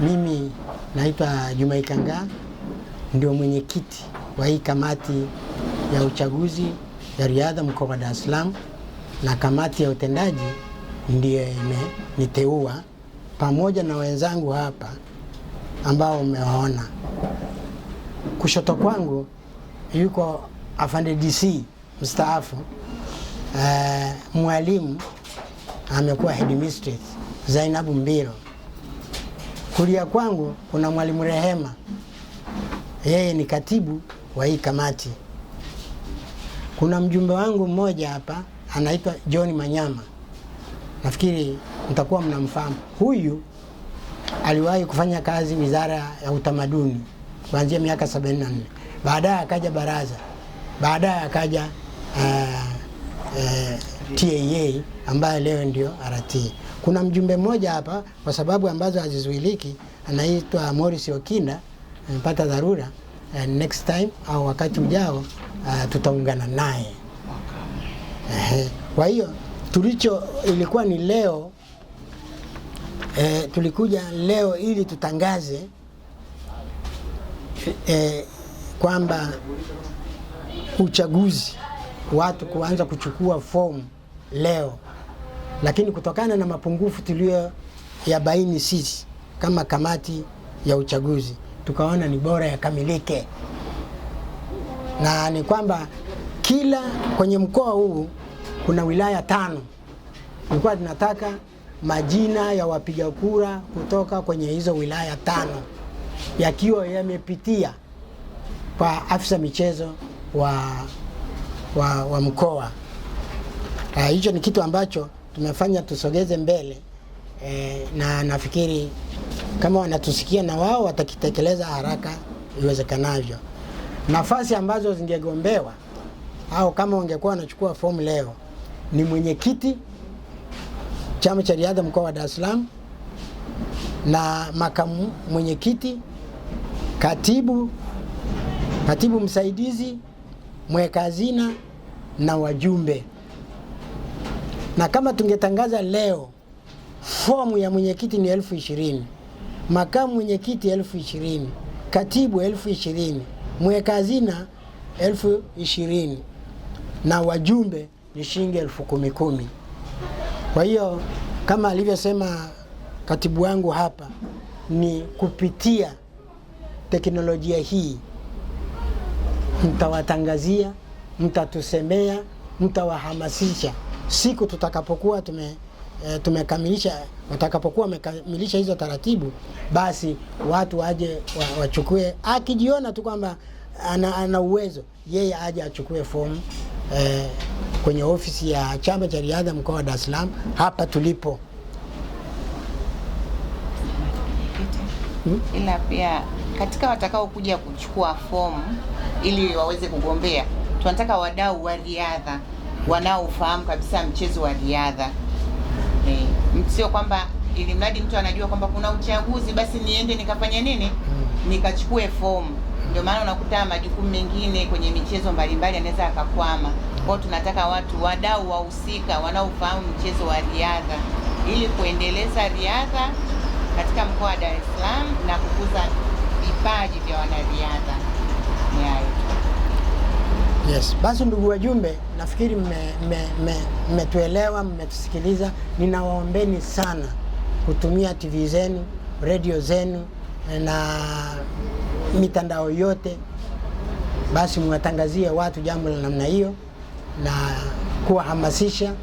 Mimi naitwa Juma Ikangaa, ndio mwenyekiti wa hii kamati ya uchaguzi ya riadha mkoa wa Dar es Salaam, na kamati ya utendaji ndiyo imeniteua pamoja na wenzangu hapa ambao mmewaona. Kushoto kwangu yuko afande DC mstaafu, uh, mwalimu amekuwa headmistress Zainabu Mbiro. Kulia kwangu kuna mwalimu Rehema, yeye ni katibu wa hii kamati. Kuna mjumbe wangu mmoja hapa anaitwa John Manyama, nafikiri mtakuwa mnamfahamu huyu. Aliwahi kufanya kazi wizara ya utamaduni kuanzia miaka 74 baadaye akaja baraza, baadaye akaja uh, Eh, TAA ambaye leo ndio RT. Kuna mjumbe mmoja hapa kwa sababu ambazo hazizuiliki anaitwa Morris Okinda, amepata dharura eh, next time au wakati ujao eh, tutaungana naye eh, kwa hiyo tulicho ilikuwa ni leo eh, tulikuja leo ili tutangaze eh, kwamba uchaguzi watu kuanza kuchukua fomu leo, lakini kutokana na mapungufu tuliyo yabaini sisi kama kamati ya uchaguzi tukaona ni bora yakamilike, na ni kwamba kila kwenye mkoa huu kuna wilaya tano. Tulikuwa tunataka majina ya wapiga kura kutoka kwenye hizo wilaya tano yakiwa yamepitia kwa afisa michezo wa wa, wa mkoa. Ah, hicho ni kitu ambacho tumefanya tusogeze mbele e, na nafikiri kama wanatusikia na wao watakitekeleza haraka iwezekanavyo. Nafasi ambazo zingegombewa au kama wangekuwa wanachukua fomu leo ni mwenyekiti chama cha riadha mkoa wa Dar es Salaam na makamu mwenyekiti, katibu, katibu msaidizi mweka hazina na wajumbe. Na kama tungetangaza leo fomu ya mwenyekiti ni elfu ishirini, makamu mwenyekiti elfu ishirini, katibu elfu ishirini, mweka hazina elfu ishirini na wajumbe ni shilingi elfu kumi kumi. Kwa hiyo kama alivyosema katibu wangu hapa, ni kupitia teknolojia hii mtawatangazia, mtatusemea, mtawahamasisha siku tutakapokuwa tume e, tumekamilisha watakapokuwa wamekamilisha hizo taratibu, basi watu waje wa, wachukue. Akijiona tu kwamba ana, ana uwezo yeye aje achukue fomu e, kwenye ofisi ya chama cha riadha mkoa wa Dar es Salaam hapa tulipo. hmm. Ila pia katika watakao kuja kuchukua fomu ili waweze kugombea, tunataka wadau wa riadha wanaofahamu kabisa mchezo wa riadha e, sio kwamba ili mradi mtu anajua kwamba kuna uchaguzi basi niende nikafanya nini hmm. nikachukue fomu. Ndio maana unakuta majukumu mengine kwenye michezo mbalimbali anaweza akakwama. Kwao tunataka watu wadau wahusika wanaofahamu mchezo wa riadha ili kuendeleza riadha katika mkoa wa Dar es Salaam na kukuza vipaji vya wanariadha. Ni hayo Yes, basi ndugu wajumbe, nafikiri mmetuelewa, me, me, me, mmetusikiliza. Ninawaombeni sana kutumia TV zenu, redio zenu na mitandao yote, basi mwatangazie watu jambo la namna hiyo na kuwahamasisha